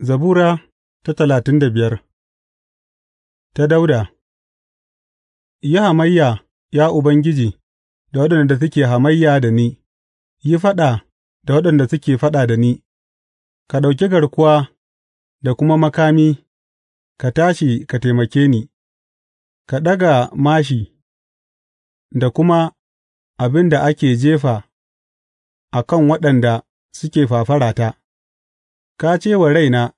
Zabura ta talatin da biyar ta Dauda Yi hamayya, ya Ubangiji, da waɗanda suke hamayya da ni, yi faɗa da waɗanda suke faɗa da ni, ka ɗauki garkuwa da kuma makami, ka tashi ka taimake ni, ka ɗaga mashi, da kuma abin da ake jefa a kan waɗanda suke fafarata. Ka ce wa raina,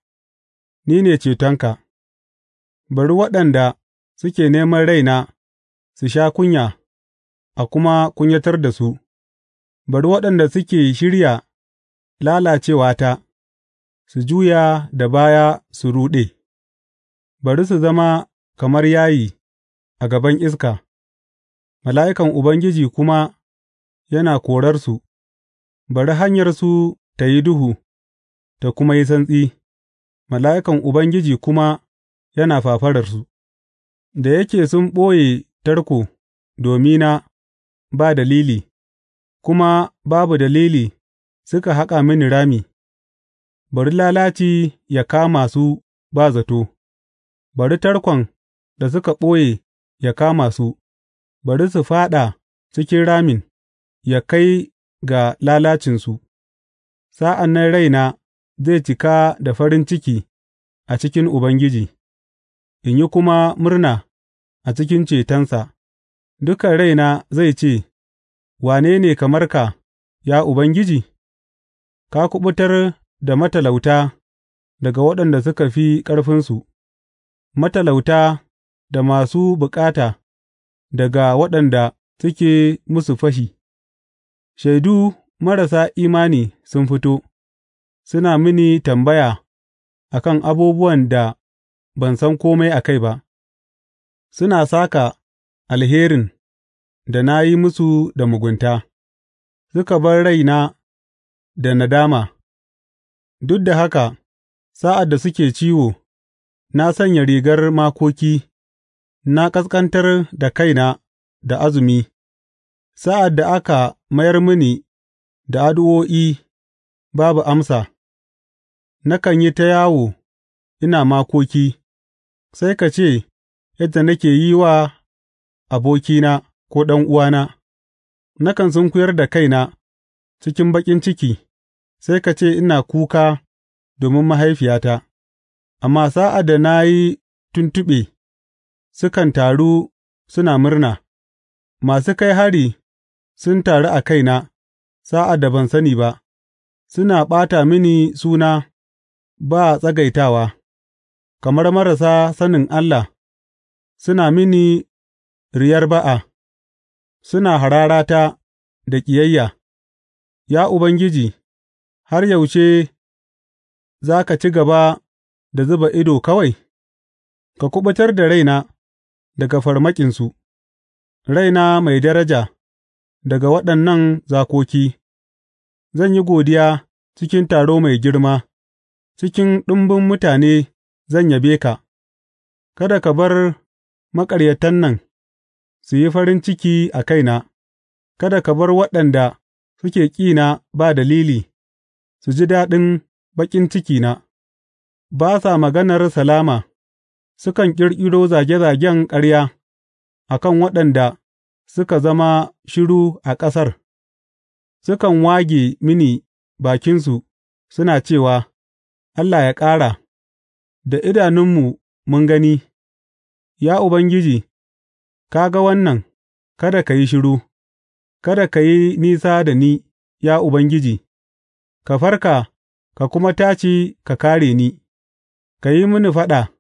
Ni ne cetonka; bari waɗanda suke neman raina su sha kunya a kuma kunyatar da su, bari waɗanda suke shirya lalacewata su juya da baya su ruɗe; bari su zama kamar yayi a gaban iska, mala'ikan Ubangiji kuma yana korarsu; bari hanyarsu ta yi duhu. ta kuma yi santsi, mala'ikan Ubangiji kuma yana fafararsu, da yake sun ɓoye tarko domina ba dalili, kuma babu dalili suka haƙa mini rami, bari lalaci ya kama su ba zato, bari tarkon da suka ɓoye ya kama su, bari su fāɗa cikin ramin ya kai ga lalacinsu, sa'an nan raina. zai cika da farin ciki a cikin Ubangiji, in yi kuma murna a cikin cetonsa; dukan raina zai ce, Wane ne kamar ka, ya Ubangiji? Ka kuɓutar da matalauta daga waɗanda suka fi ƙarfinsu, matalauta da masu bukata daga waɗanda suke musu fashi; shaidu marasa imani sun fito. Suna mini tambaya a kan abubuwan da ban san kome a kai ba; suna saka alherin da na yi musu da mugunta, suka bar raina da nadama, duk da haka sa'ad da suke ciwo, na sanya rigar makoki na ƙasƙantar da kaina da azumi, sa'ad da aka mayar mini da addu'o'i babu amsa. Nakan yi ta yawo ina makoki, sai ka ce yadda nake yi wa abokina ko ɗan'uwana; nakan sunkuyar da kaina cikin baƙin ciki, sai ka ce ina kuka domin mahaifiyata, amma sa'ad da na yi tuntuɓe, sukan taru suna murna; masu kai hari sun taru a kaina sa'ad da ban sani ba, suna ɓata mini suna. ba tsagaitawa, kamar marasa sanin Allah, suna mini riyar ba'a, suna hararata da ƙiyayya, Ya Ubangiji, har yaushe za ka ci gaba da zuba ido kawai, ka kuɓutar da raina daga farmakinsu, raina mai daraja daga waɗannan zakoki, zan yi godiya cikin taro mai girma. Cikin ɗumbun mutane zan yabe ka; kada ka bar maƙaryatan nan su yi farin ciki a kaina, kada ka bar waɗanda suke ƙina ba dalili su ji daɗin baƙin cikina; ba sa maganar salama, sukan ƙirƙiro zage zagen ƙarya a kan waɗanda suka zama shiru a ƙasar; sukan wage mini bakinsu suna cewa. Allah ya ƙara, da idanunmu mun gani, Ya Ubangiji, ka ga wannan, kada ka yi shiru, kada ka yi nisa da ni, ya Ubangiji, ka farka ka kuma tashi ka kare ni, ka yi mini faɗa,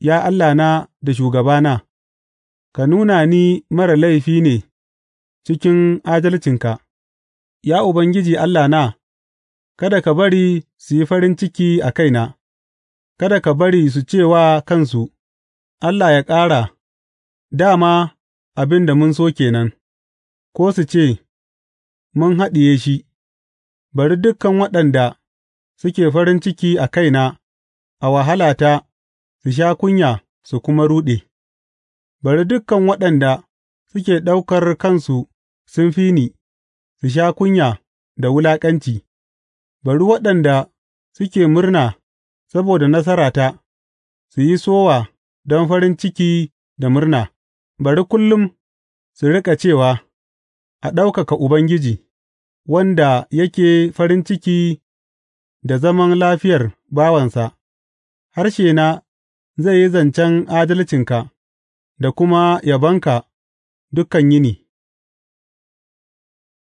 ya Allahna da shugabana, ka nuna ni mara laifi ne cikin adalcinka, ya Ubangiji Allahna. Kada ka bari su yi farin ciki a kaina; kada ka bari su ce wa kansu, Allah ya ƙara, dā ma abin da mun so ke nan, ko su ce, Mun haɗiye shi; bari dukan waɗanda suke farin ciki a kaina a wahalata su sha kunya su kuma ruɗe; bari dukan waɗanda suke ɗaukar kansu sun fi ni, su sha kunya da wulaƙanci. Bari waɗanda suke murna saboda nasarata su yi sowa don farin ciki da murna; bari kullum su riƙa cewa, A ɗaukaka Ubangiji, wanda yake farin ciki da zaman lafiyar bawansa; harshena zai yi zancen adalcinka da kuma yabonka dukan yini.